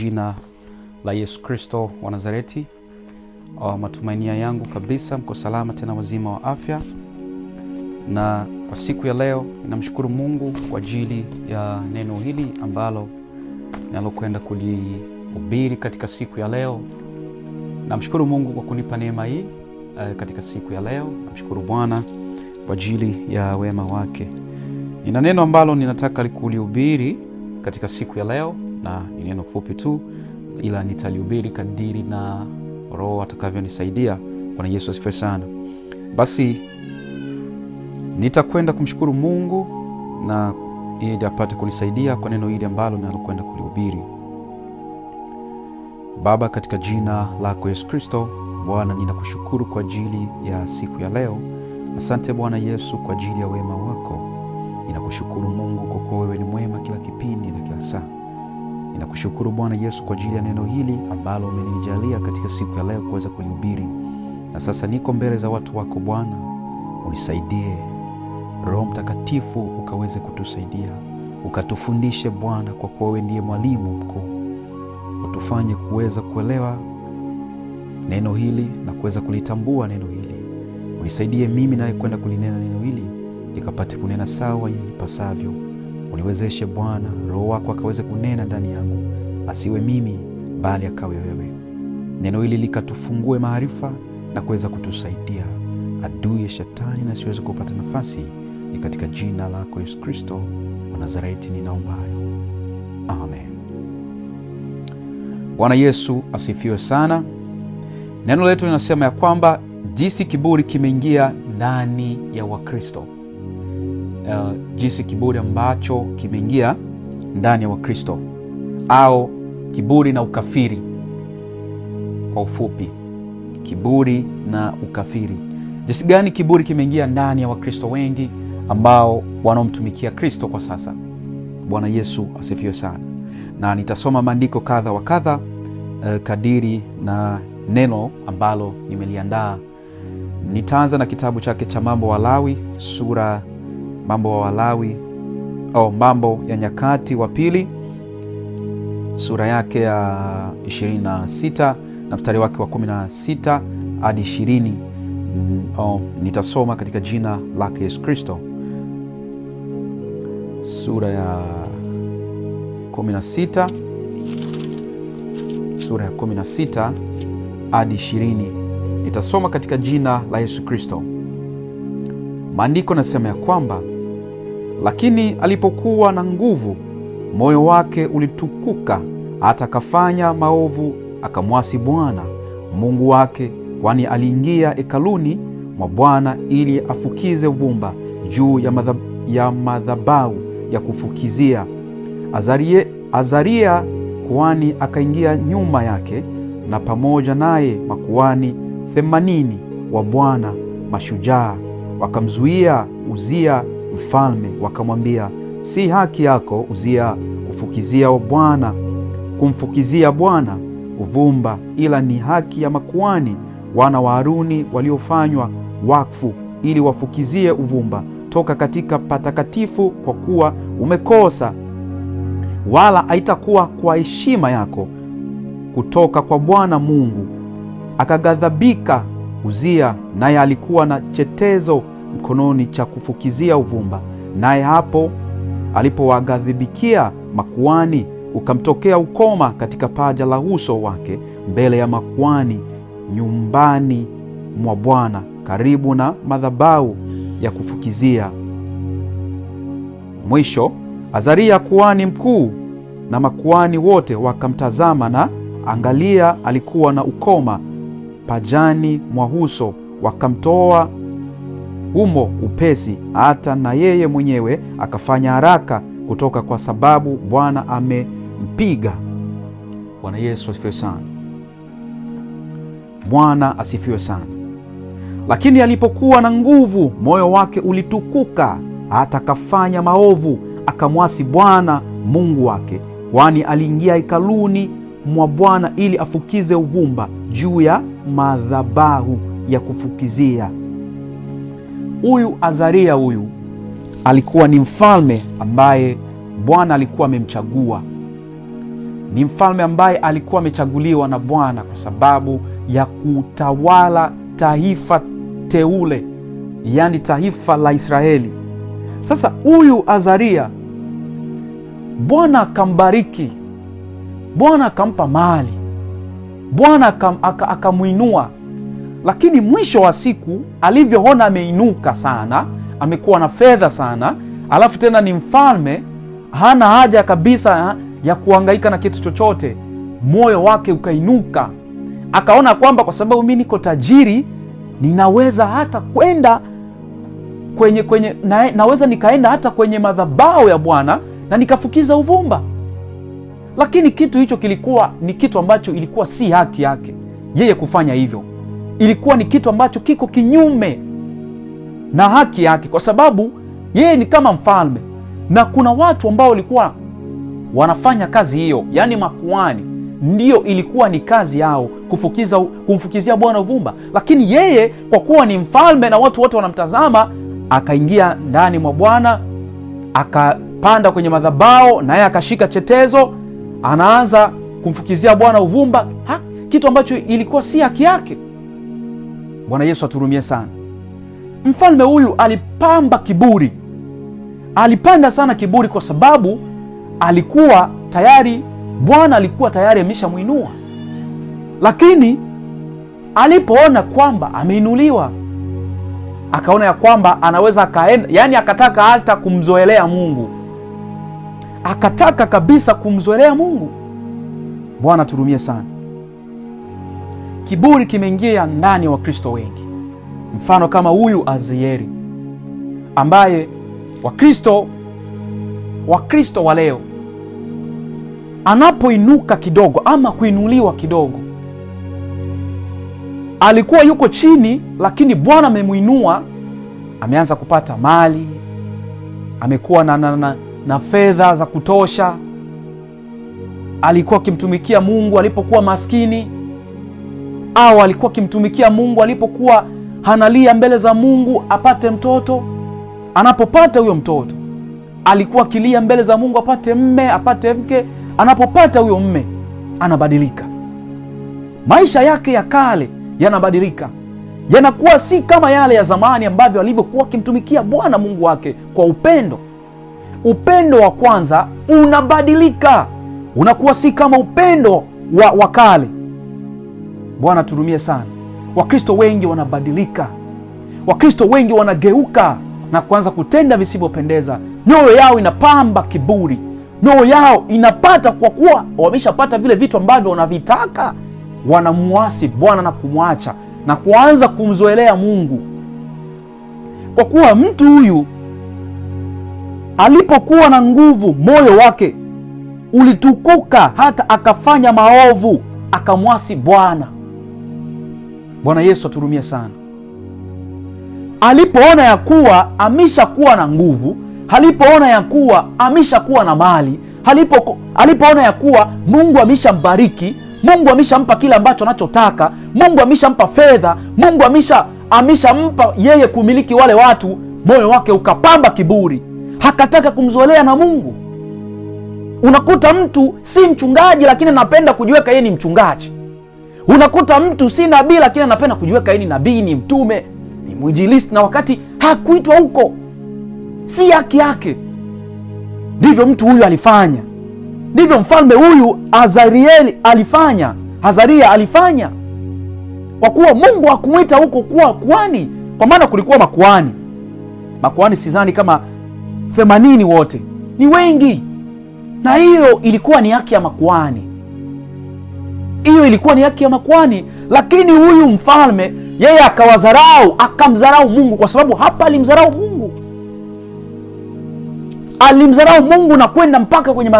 Jina la Yesu Kristo wa Nazareti, matumainia yangu kabisa mko salama tena wazima wa afya. Na kwa siku ya leo ninamshukuru Mungu kwa ajili ya neno hili ambalo ninalokwenda kulihubiri katika siku ya leo. Namshukuru Mungu kwa kunipa neema hii eh, katika siku ya leo. Namshukuru Bwana kwa ajili ya wema wake. Nina neno ambalo ninataka kulihubiri katika siku ya leo na ni neno fupi tu, ila nitalihubiri kadiri na Roho atakavyonisaidia. Bwana Yesu asifiwe sana. Basi nitakwenda kumshukuru Mungu na ili apate kunisaidia kwa neno hili ambalo nalokwenda kulihubiri. Baba, katika jina lako Yesu Kristo, Bwana, ninakushukuru kwa ajili ya siku ya leo. Asante Bwana Yesu kwa ajili ya wema wako. Ninakushukuru Mungu kwa kuwa wewe ni mwema kila kipindi na kila saa. Ninakushukuru Bwana Yesu kwa ajili ya neno hili ambalo umenijalia katika siku ya leo kuweza kulihubiri, na sasa niko mbele za watu wako Bwana, unisaidie Roho Mtakatifu ukaweze kutusaidia ukatufundishe Bwana, kwa kuwa wewe ndiye mwalimu mkuu, utufanye kuweza kuelewa neno hili na kuweza kulitambua neno hili. Unisaidie mimi naye kwenda kulinena neno hili, likapate kunena sawa pasavyo Uniwezeshe Bwana, Roho wako akaweze kunena ndani yangu, asiwe mimi bali akawe wewe. Neno hili likatufungue maarifa na kuweza kutusaidia adui ya shetani na siweze kupata nafasi. Ni katika jina lako Yesu Kristo wa Nazareti hayo, amen. Bwana Yesu asifiwe sana. Neno letu linasema ya kwamba jinsi kiburi kimeingia ndani ya Wakristo uh, jinsi kiburi ambacho kimeingia ndani ya wa Wakristo au kiburi na ukafiri. Kwa ufupi, kiburi na ukafiri, jinsi gani kiburi kimeingia ndani ya wa Wakristo wengi ambao wanaomtumikia Kristo kwa sasa. Bwana Yesu asifiwe sana, na nitasoma maandiko kadha wa kadha uh, kadiri na neno ambalo nimeliandaa. Nitaanza na kitabu chake cha Mambo wa Lawi sura Mambo wa Walawi au Mambo ya Nyakati wa Pili sura yake ya 26 na mstari wake wa 16 hadi 20. Mm, oh, nitasoma katika jina lake Yesu Kristo. Sura ya 16 sura ya 16 hadi 20, nitasoma katika jina la Yesu Kristo. Maandiko nasema ya kwamba lakini alipokuwa na nguvu, moyo wake ulitukuka, hata akafanya maovu, akamwasi Bwana Mungu wake, kwani aliingia hekaluni mwa Bwana ili afukize uvumba juu ya madhabahu ya madhabahu ya kufukizia. Azaria, Azaria kuhani akaingia nyuma yake na pamoja naye makuhani themanini wa Bwana mashujaa wakamzuia Uzia mfalme wakamwambia, si haki yako Uzia kufukizia Bwana kumfukizia Bwana uvumba, ila ni haki ya makuani wana wa Haruni waliofanywa wakfu ili wafukizie uvumba toka katika patakatifu, kwa kuwa umekosa, wala haitakuwa kwa heshima yako kutoka kwa Bwana Mungu. Akaghadhabika Uzia, naye alikuwa na chetezo mkononi cha kufukizia uvumba, naye hapo alipowaghadhibikia makuani ukamtokea ukoma katika paja la uso wake mbele ya makuani nyumbani mwa Bwana karibu na madhabahu ya kufukizia. Mwisho Azaria kuhani mkuu na makuani wote wakamtazama, na angalia, alikuwa na ukoma pajani mwa uso, wakamtoa humo upesi, hata na yeye mwenyewe akafanya haraka kutoka, kwa sababu Bwana amempiga. Bwana Yesu asifiwe sana. Bwana asifiwe sana. Lakini alipokuwa na nguvu, moyo wake ulitukuka, hata akafanya maovu, akamwasi Bwana Mungu wake, kwani aliingia hekaluni mwa Bwana ili afukize uvumba juu ya madhabahu ya kufukizia Huyu Azaria huyu alikuwa ni mfalme ambaye Bwana alikuwa amemchagua, ni mfalme ambaye alikuwa amechaguliwa na Bwana kwa sababu ya kutawala taifa teule, yaani taifa la Israeli. Sasa huyu Azaria Bwana akambariki, Bwana akampa mali, Bwana akamwinua lakini mwisho wa siku alivyoona ameinuka sana, amekuwa na fedha sana, alafu tena ni mfalme, hana haja kabisa ya kuhangaika na kitu chochote. Moyo wake ukainuka, akaona kwamba kwa sababu mi niko tajiri, ninaweza hata kwenda kwenye kwenye na, naweza nikaenda hata kwenye madhabahu ya Bwana na nikafukiza uvumba. Lakini kitu hicho kilikuwa ni kitu ambacho ilikuwa si haki yake yeye kufanya hivyo ilikuwa ni kitu ambacho kiko kinyume na haki yake, kwa sababu yeye ni kama mfalme, na kuna watu ambao walikuwa wanafanya kazi hiyo, yaani makuani ndio ilikuwa ni kazi yao kufukiza, kumfukizia Bwana uvumba. Lakini yeye kwa kuwa ni mfalme na watu wote wanamtazama, akaingia ndani mwa Bwana, akapanda kwenye madhabao, naye akashika chetezo, anaanza kumfukizia Bwana uvumba ha? kitu ambacho ilikuwa si haki yake. Bwana Yesu aturumie sana. Mfalme huyu alipamba kiburi, alipanda sana kiburi, kwa sababu alikuwa tayari, Bwana alikuwa tayari ameshamwinua, lakini alipoona kwamba ameinuliwa akaona ya kwamba anaweza akaenda, yani akataka hata kumzoelea Mungu, akataka kabisa kumzoelea Mungu. Bwana turumie sana. Kiburi kimeingia ndani ya Wakristo wengi, mfano kama huyu Azieri ambaye Wakristo Wakristo wa leo anapoinuka kidogo ama kuinuliwa kidogo, alikuwa yuko chini, lakini Bwana amemwinua, ameanza kupata mali, amekuwa na, na, na, na fedha za kutosha. Alikuwa akimtumikia Mungu alipokuwa maskini au alikuwa akimtumikia Mungu alipokuwa analia mbele za Mungu apate mtoto. Anapopata huyo mtoto alikuwa akilia mbele za Mungu apate mme, apate mke. Anapopata huyo mme anabadilika, maisha yake ya kale yanabadilika, yanakuwa si kama yale ya zamani ambavyo alivyokuwa akimtumikia Bwana Mungu wake kwa upendo. Upendo wa kwanza unabadilika, unakuwa si kama upendo wa, wa kale. Bwana turumie sana. Wakristo wengi wanabadilika, Wakristo wengi wanageuka na kuanza kutenda visivyopendeza. Mioyo yao inapamba kiburi, mioyo yao inapata, kwa kuwa wameshapata vile vitu ambavyo wanavitaka, wanamuasi Bwana na kumwacha na kuanza kumzoelea Mungu, kwa kuwa mtu huyu alipokuwa na nguvu, moyo wake ulitukuka hata akafanya maovu, akamwasi Bwana. Bwana Yesu atuhurumie sana. Alipoona ya kuwa ameshakuwa na nguvu, alipoona ya kuwa ameshakuwa na mali, alipo alipoona ya kuwa Mungu ameshambariki, Mungu ameshampa kile ambacho anachotaka, Mungu ameshampa fedha, Mungu amesha ameshampa yeye kumiliki wale watu, moyo wake ukapamba kiburi, hakataka kumzolea na Mungu. Unakuta mtu si mchungaji, lakini anapenda kujiweka yeye ni mchungaji. Unakuta mtu si nabii, lakini anapenda kujiweka ni nabii, ni mtume, ni mwinjilisti, na wakati hakuitwa huko, si haki yake. Ndivyo mtu huyu alifanya, ndivyo mfalme huyu Azarieli alifanya, Azaria alifanya, kwa kuwa Mungu hakumwita huko kuwa kwani kwa maana kulikuwa makuani makuani sizani kama themanini wote, ni wengi, na hiyo ilikuwa ni haki ya makuani hiyo ilikuwa ni haki ya makwani lakini huyu mfalme yeye akawadharau, akamdharau Mungu, kwa sababu hapa alimdharau Mungu, alimdharau Mungu na kwenda mpaka kwenye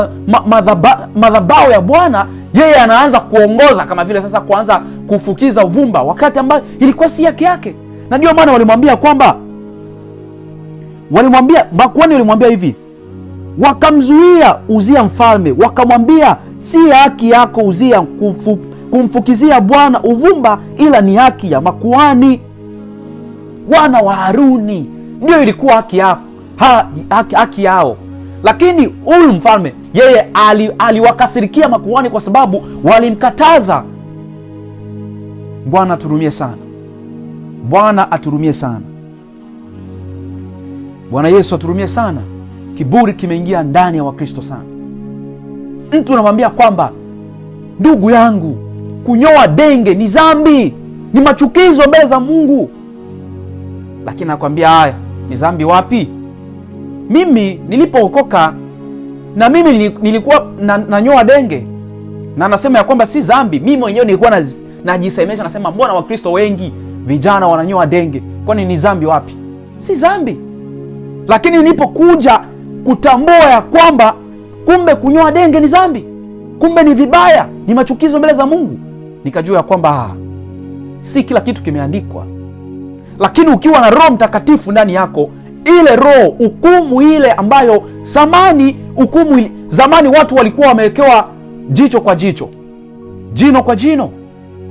madhabao ma, ma, ya Bwana. Yeye anaanza kuongoza kama vile sasa kuanza kufukiza uvumba, wakati ambayo ilikuwa si yake yake. Najua maana walimwambia kwamba walimwambia makwani walimwambia hivi, wakamzuia Uzia mfalme, wakamwambia si haki yako uzia kufu, kumfukizia Bwana uvumba, ila ni haki ya makuani wana wa Haruni. ndio ilikuwa haki yao, ha, haki, haki yao. Lakini huyu mfalme yeye aliwakasirikia ali makuani kwa sababu walimkataza. Bwana aturumie sana, Bwana aturumie sana, Bwana Yesu aturumie sana. Kiburi kimeingia ndani ya Wakristo sana mtu unamwambia kwamba ndugu yangu, kunyoa denge ni dhambi, ni machukizo mbele za Mungu, lakini anakwambia haya ni dhambi wapi? Mimi nilipookoka na mimi nilikuwa na, nanyoa denge na anasema ya kwamba si dhambi. Mimi mwenyewe nilikuwa najisemesha na nasema, mbona Wakristo wengi vijana wananyoa denge, kwani ni dhambi wapi? Si dhambi. Lakini nilipokuja kutambua ya kwamba kumbe kunyoa denge ni zambi kumbe ni vibaya, ni machukizo mbele za Mungu. Nikajua ya kwamba ah, si kila kitu kimeandikwa, lakini ukiwa na Roho Mtakatifu ndani yako, ile roho hukumu ile ambayo zamani hukumu zamani watu walikuwa wamewekewa jicho kwa jicho, jino kwa jino.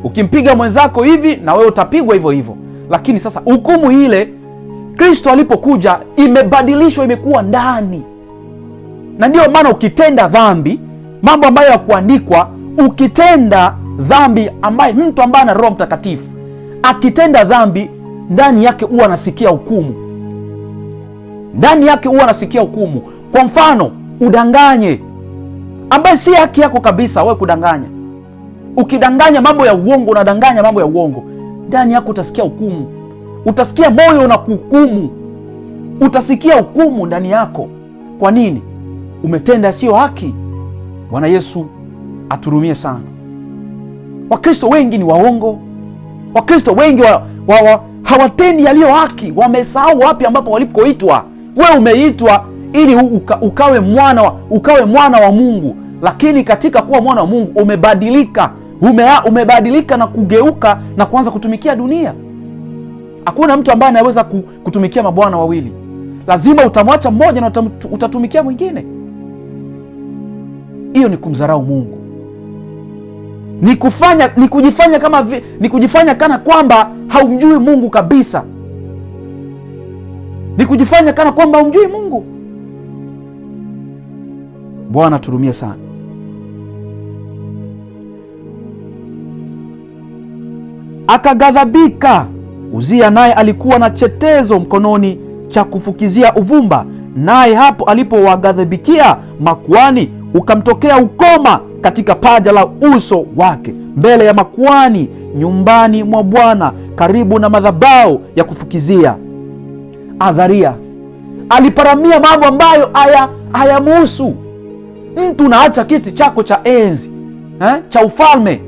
Ukimpiga mwenzako hivi na wewe utapigwa hivyo hivyo, lakini sasa hukumu ile Kristo alipokuja imebadilishwa, imekuwa ndani na ndiyo maana ukitenda dhambi, mambo ambayo yakuandikwa, ukitenda dhambi ambaye mtu ambaye ana Roho Mtakatifu akitenda dhambi ndani yake huwa anasikia hukumu, ndani yake huwa anasikia hukumu. Kwa mfano, udanganye ambaye si haki yako kabisa, wewe kudanganya. Ukidanganya mambo ya uongo, unadanganya mambo ya uongo, ndani yako utasikia hukumu, utasikia moyo kuhukumu utasikia hukumu ndani yako. Kwa nini? umetenda sio haki. Bwana Yesu aturumie sana. Wakristo wengi ni waongo. Wakristo wengi wa, wa, wa, hawatendi yaliyo haki, wamesahau wapi ambapo walipoitwa. Wewe umeitwa ili uka, ukawe mwana wa, ukawe mwana wa Mungu, lakini katika kuwa mwana wa Mungu umebadilika ume, umebadilika na kugeuka na kuanza kutumikia dunia. Hakuna mtu ambaye anaweza kutumikia mabwana wawili, lazima utamwacha mmoja na utatumikia mwingine hiyo ni kumdharau Mungu, ni kufanya ni kujifanya kama vi, ni kujifanya kana kwamba haumjui Mungu kabisa, ni kujifanya kana kwamba haumjui Mungu. Bwana turumie sana. Akaghadhabika Uzia, naye alikuwa na chetezo mkononi cha kufukizia uvumba, naye hapo alipowagadhabikia makuani ukamtokea ukoma katika paja la uso wake, mbele ya makuani, nyumbani mwa Bwana, karibu na madhabao ya kufukizia. Azaria aliparamia mambo ambayo hayamuhusu. Mtu unaacha kiti chako cha enzi eh, cha ufalme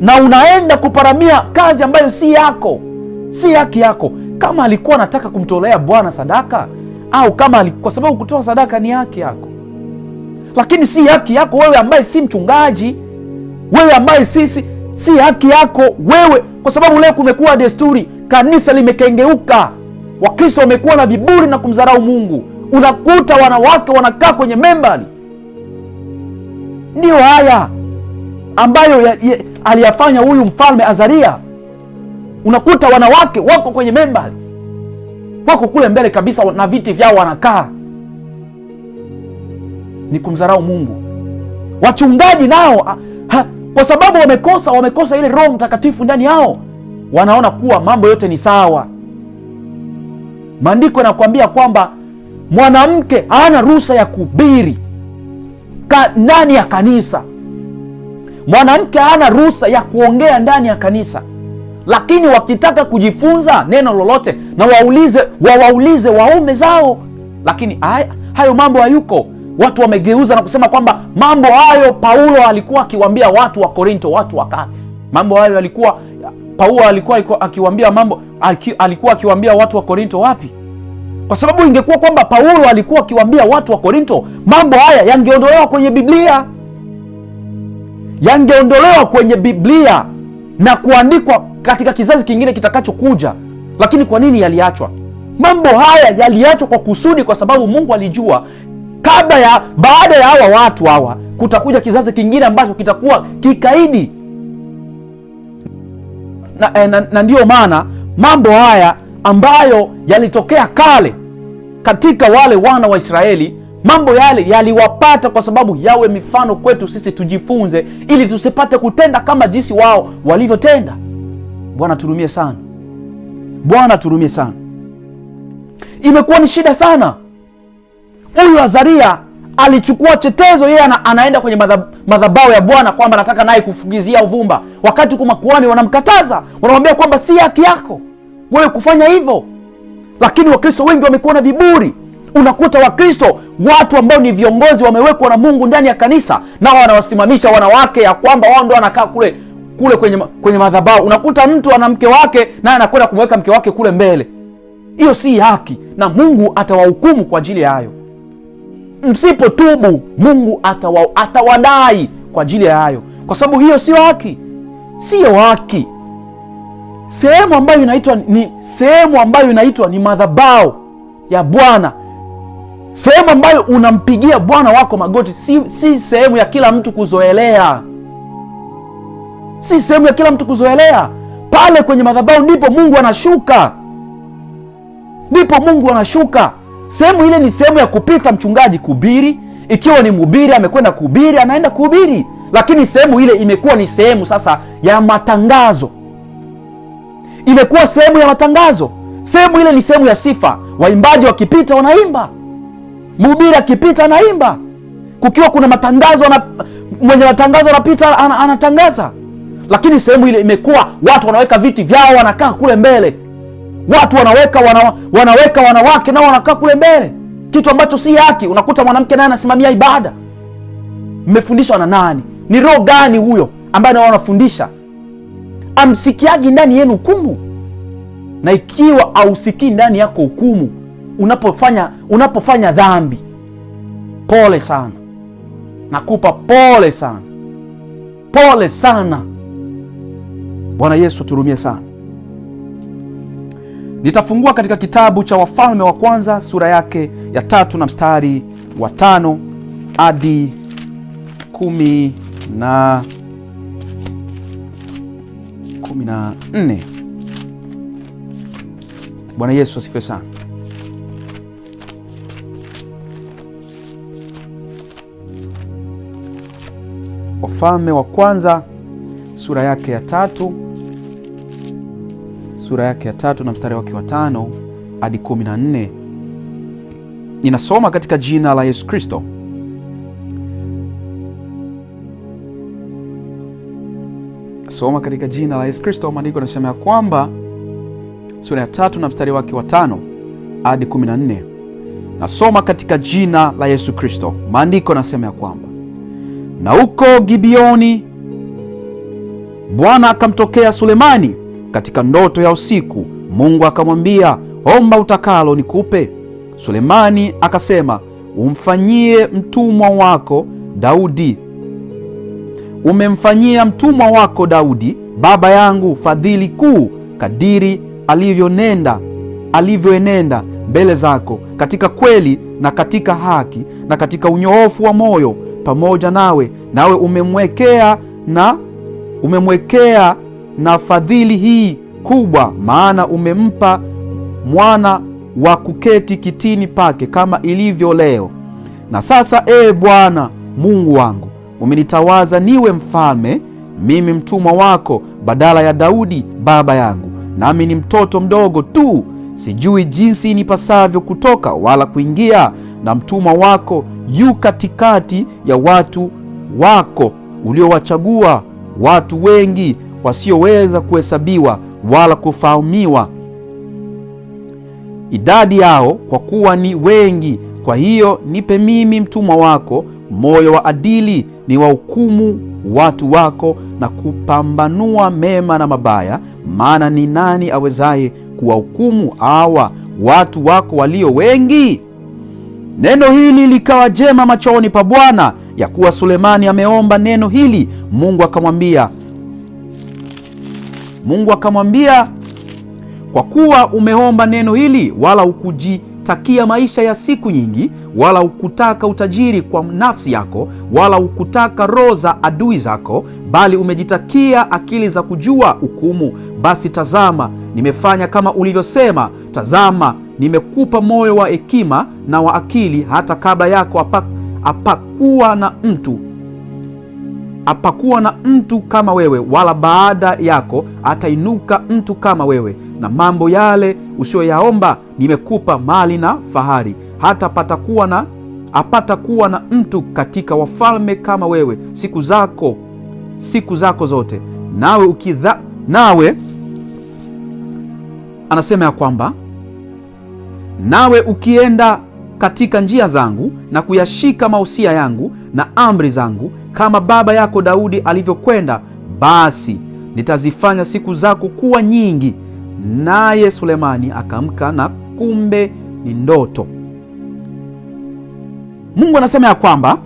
na unaenda kuparamia kazi ambayo si yako, si haki yako. Kama alikuwa anataka kumtolea Bwana sadaka au kama, kwa sababu kutoa sadaka ni haki yako lakini si haki yako wewe ambaye si mchungaji, wewe ambaye sisi si haki yako wewe, kwa sababu leo kumekuwa desturi, kanisa limekengeuka, Wakristo wamekuwa na viburi na kumdharau Mungu. Unakuta wanawake wanakaa kwenye membari. Ndiyo haya ambayo ya, ya, aliyafanya huyu mfalme Azaria. Unakuta wanawake wako kwenye membari, wako kule mbele kabisa na viti vyao wanakaa ni kumdharau Mungu. Wachungaji nao ah, ha, kwa sababu wamekosa wamekosa ile Roho Mtakatifu ndani yao, wanaona kuwa mambo yote ni sawa. Maandiko yanakuambia kwamba mwanamke hana ruhusa ya kuhubiri ndani ya kanisa. Mwanamke hana ruhusa ya kuongea ndani ya kanisa, lakini wakitaka kujifunza neno lolote na waulize wawaulize waume zao, lakini hayo mambo hayuko watu wamegeuza na kusema kwamba mambo hayo Paulo alikuwa akiwambia watu wa Korinto, watu wa kale. Mambo hayo alikuwa Paulo alikuwa akiwambia mambo alikuwa akiwambia watu wa Korinto wapi? Kwa sababu ingekuwa kwamba Paulo alikuwa akiwambia watu wa Korinto, mambo haya yangeondolewa kwenye Biblia, yangeondolewa kwenye Biblia na kuandikwa katika kizazi kingine kitakachokuja. Lakini kwa nini yaliachwa? Mambo haya yaliachwa kwa kusudi, kwa sababu Mungu alijua kabla ya baada ya hawa watu hawa kutakuja kizazi kingine ambacho kitakuwa kikaidi na, eh, na, na ndiyo maana mambo haya ambayo yalitokea kale katika wale wana wa Israeli mambo yale yaliwapata kwa sababu yawe mifano kwetu sisi tujifunze, ili tusipate kutenda kama jinsi wao walivyotenda. Bwana turumie sana, Bwana turumie sana. Imekuwa ni shida sana huyu Azaria alichukua chetezo yeye ana, anaenda kwenye madhabahu ya Bwana kwamba anataka naye kufugizia uvumba, wakati huko makuani wanamkataza, wanamwambia kwamba si haki yako wewe kufanya hivyo. Lakini Wakristo wengi wamekuwa na viburi. Unakuta Wakristo watu ambao ni viongozi wamewekwa na Mungu ndani ya kanisa, nao wanawasimamisha wanawake ya kwamba wao ndo wanakaa kule kule kwenye, kwenye madhabahu. Unakuta mtu ana mke wake naye anakwenda kumweka mke wake kule mbele. Hiyo si haki, na Mungu atawahukumu kwa ajili ya hayo. Msipotubu Mungu atawa, atawadai kwa ajili ya hayo, kwa sababu hiyo sio haki, siyo haki. Sehemu ambayo inaitwa ni sehemu ambayo inaitwa ni madhabao ya Bwana, sehemu ambayo unampigia Bwana wako magoti, si, si sehemu ya kila mtu kuzoelea, si sehemu ya kila mtu kuzoelea. Pale kwenye madhabao ndipo Mungu anashuka, ndipo Mungu anashuka. Sehemu ile ni sehemu ya kupita mchungaji kuhubiri, ikiwa ni mhubiri amekwenda kuhubiri, anaenda kuhubiri, lakini sehemu ile imekuwa ni sehemu sasa ya matangazo, imekuwa sehemu ya matangazo. Sehemu ile ni sehemu ya sifa, waimbaji wakipita wanaimba, mhubiri akipita anaimba, kukiwa kuna matangazo ana, mwenye matangazo anapita anatangaza, lakini sehemu ile imekuwa watu wanaweka viti vyao, wanakaa kule mbele Watu wanaweka wana, wanaweka wanawake nao wanakaa kule mbele, kitu ambacho si haki. Unakuta mwanamke naye anasimamia ibada. Mmefundishwa na nani? Ni roho gani huyo ambaye nao anafundisha? Amsikiaji ndani yenu hukumu, na ikiwa ausikii ndani yako hukumu unapofanya unapofanya dhambi, pole sana, nakupa pole sana, pole sana. Bwana Yesu turumie sana. Nitafungua katika kitabu cha Wafalme wa Kwanza sura yake ya tatu na mstari wa tano hadi kumi na kumi na nne. Bwana Yesu asifiwe sana. Wafalme wa Kwanza sura yake ya tatu sura yake ya tatu na mstari wake wa tano hadi kumi na nne inasoma katika jina la Yesu Kristo. Soma katika jina la Yesu Kristo. Maandiko anasema ya kwamba sura ya tatu na mstari wake wa tano hadi kumi na nne nasoma katika jina la Yesu Kristo. Maandiko anasema ya kwamba na huko Gibeoni Bwana akamtokea Sulemani katika ndoto ya usiku Mungu akamwambia, omba utakalo nikupe. Sulemani akasema, umfanyie mtumwa wako Daudi, umemfanyia mtumwa wako Daudi baba yangu fadhili kuu, kadiri alivyonenda alivyoenenda mbele zako katika kweli na katika haki na katika unyoofu wa moyo pamoja nawe, nawe umemwekea na umemwekea na fadhili hii kubwa, maana umempa mwana wa kuketi kitini pake kama ilivyo leo. Na sasa, e Bwana Mungu wangu, umenitawaza niwe mfalme, mimi mtumwa wako badala ya Daudi baba yangu, nami ni mtoto mdogo tu, sijui jinsi nipasavyo kutoka wala kuingia, na mtumwa wako yu katikati ya watu wako uliowachagua watu wengi wasioweza kuhesabiwa wala kufahamiwa idadi yao, kwa kuwa ni wengi. Kwa hiyo nipe mimi mtumwa wako moyo wa adili, ni wahukumu watu wako na kupambanua mema na mabaya. Maana ni nani awezaye kuwahukumu hawa watu wako walio wengi? Neno hili likawa jema machoni pa Bwana, ya kuwa Sulemani ameomba neno hili. Mungu akamwambia Mungu akamwambia, kwa kuwa umeomba neno hili, wala takia maisha ya siku nyingi, wala hukutaka utajiri kwa nafsi yako, wala hukutaka roho za adui zako, bali umejitakia akili za kujua hukumu, basi tazama, nimefanya kama ulivyosema. Tazama, nimekupa moyo wa hekima na wa akili, hata kabla yako hapakuwa na mtu hapakuwa na mtu kama wewe, wala baada yako atainuka mtu kama wewe. Na mambo yale usiyoyaomba nimekupa mali na fahari, hata patakuwa na hapata kuwa na mtu katika wafalme kama wewe siku zako siku zako zote, nawe ukidha nawe anasema ya kwamba nawe ukienda katika njia zangu na kuyashika mausia yangu na amri zangu, kama baba yako Daudi alivyokwenda, basi nitazifanya siku zako kuwa nyingi. Naye Sulemani akaamka na kumbe ni ndoto. Mungu anasema ya kwamba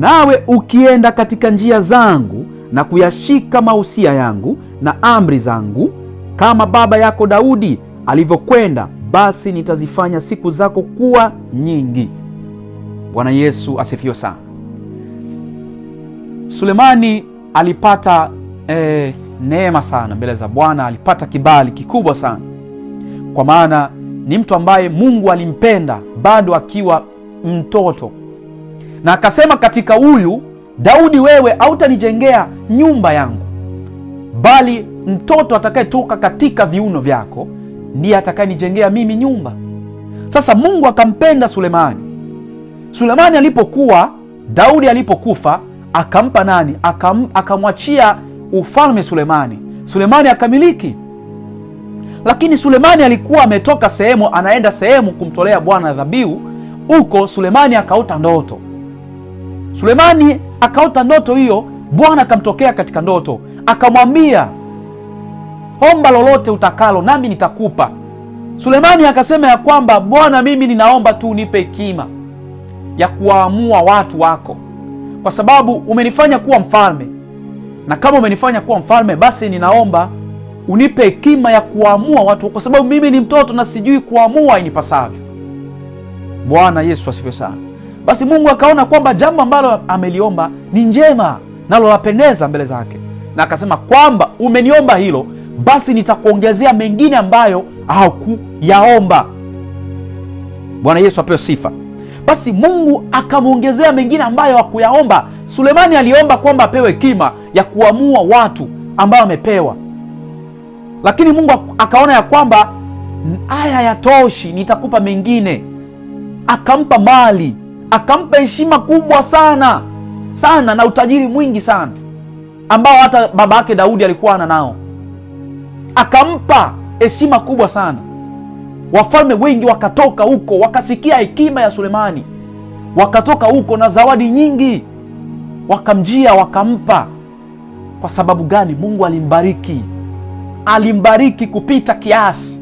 nawe ukienda katika njia zangu na kuyashika mausia yangu na amri zangu, kama baba yako Daudi alivyokwenda basi nitazifanya siku zako kuwa nyingi. Bwana Yesu asifiwe sana. Sulemani alipata eh, neema sana mbele za Bwana, alipata kibali kikubwa sana, kwa maana ni mtu ambaye Mungu alimpenda bado akiwa mtoto, na akasema katika huyu Daudi wewe hautanijengea nyumba yangu, bali mtoto atakayetoka katika viuno vyako ndiye atakayenijengea mimi nyumba. Sasa Mungu akampenda Sulemani. Sulemani alipokuwa, Daudi alipokufa, akampa nani? Akam, akamwachia ufalme Sulemani. Sulemani akamiliki, lakini Sulemani alikuwa ametoka sehemu anaenda sehemu kumtolea Bwana dhabihu. Huko Sulemani akaota ndoto. Sulemani akaota ndoto hiyo, Bwana akamtokea katika ndoto, akamwambia omba lolote utakalo nami nitakupa. Sulemani akasema ya kwamba Bwana, mimi ninaomba tu unipe hekima ya kuwaamua watu wako, kwa sababu umenifanya kuwa mfalme, na kama umenifanya kuwa mfalme, basi ninaomba unipe hekima ya kuwaamua watu, kwa sababu mimi ni mtoto na sijui kuamua inipasavyo. Bwana Yesu asivyo sana. Basi Mungu akaona kwamba jambo ambalo ameliomba ni njema nalo lapendeza mbele zake, na akasema kwamba umeniomba hilo basi nitakuongezea mengine ambayo hakuyaomba Bwana Yesu apewe sifa. Basi Mungu akamwongezea mengine ambayo hakuyaomba. Sulemani aliomba kwamba apewe hekima ya kuamua watu ambayo amepewa, lakini Mungu akaona ya kwamba haya yatoshi, nitakupa mengine. Akampa mali, akampa heshima kubwa sana sana na utajiri mwingi sana ambao hata baba yake Daudi alikuwa ana nao akampa heshima kubwa sana. Wafalme wengi wakatoka huko, wakasikia hekima ya Sulemani, wakatoka huko na zawadi nyingi, wakamjia wakampa. Kwa sababu gani? Mungu alimbariki, alimbariki kupita kiasi,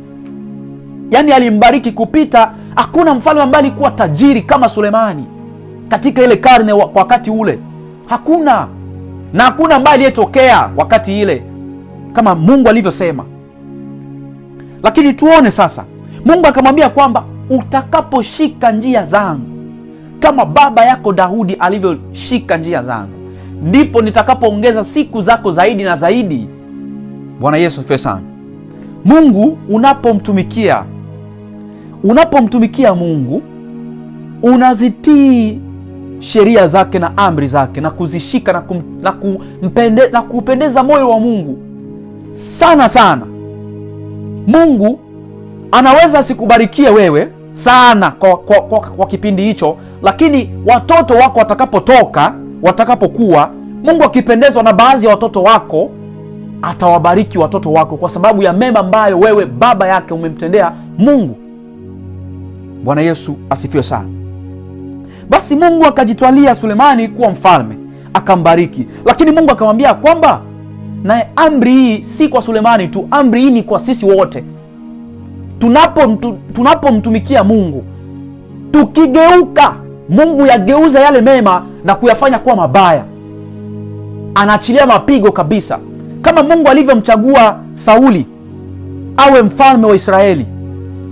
yaani alimbariki kupita. Hakuna mfalme ambaye alikuwa tajiri kama Sulemani katika ile karne, wakati ule hakuna, na hakuna ambaye aliyetokea wakati ile kama Mungu alivyosema. Lakini tuone sasa, Mungu akamwambia kwamba utakaposhika njia zangu kama baba yako Daudi alivyoshika njia zangu, ndipo nitakapoongeza siku zako zaidi na zaidi. Bwana Yesu asifiwe sana. Mungu unapomtumikia, unapomtumikia Mungu unazitii sheria zake na amri zake na kuzishika na, kum, na, kumpende, na kupendeza moyo wa Mungu sana sana. Mungu anaweza asikubarikie wewe sana kwa, kwa, kwa, kwa kipindi hicho, lakini watoto wako watakapotoka, watakapokuwa, Mungu akipendezwa na baadhi ya watoto wako atawabariki watoto wako kwa sababu ya mema ambayo wewe baba yake umemtendea Mungu. Bwana Yesu asifiwe sana. Basi Mungu akajitwalia Sulemani kuwa mfalme akambariki, lakini Mungu akamwambia kwamba na amri hii si kwa Sulemani tu, amri hii ni kwa sisi wote tunapomtumikia mtu, Mungu tukigeuka, Mungu yageuza yale mema na kuyafanya kuwa mabaya, anaachilia mapigo kabisa, kama Mungu alivyomchagua Sauli awe mfalme wa Israeli.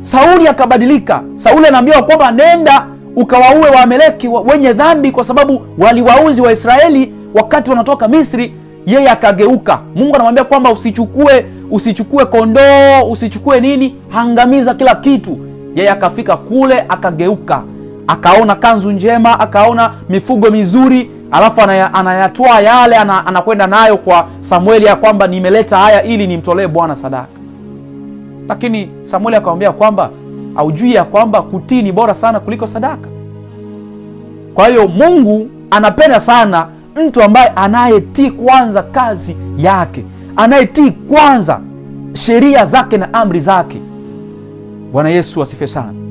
Sauli akabadilika. Sauli anaambiwa kwamba nenda ukawaue Waameleki wenye dhambi, kwa sababu waliwauzi Waisraeli wakati wanatoka Misri yeye akageuka. Mungu anamwambia kwamba usichukue, usichukue kondoo, usichukue nini, hangamiza kila kitu. Yeye akafika kule akageuka, akaona kanzu njema, akaona mifugo mizuri, alafu anayatoa yale, anakwenda nayo kwa Samueli ya kwamba nimeleta haya ili nimtolee Bwana sadaka. Lakini Samueli akamwambia kwamba aujui ya kwamba kutii ni bora sana kuliko sadaka. Kwa hiyo Mungu anapenda sana mtu ambaye anayetii kwanza kazi yake, anayetii kwanza sheria zake na amri zake. Bwana Yesu asifiwe sana.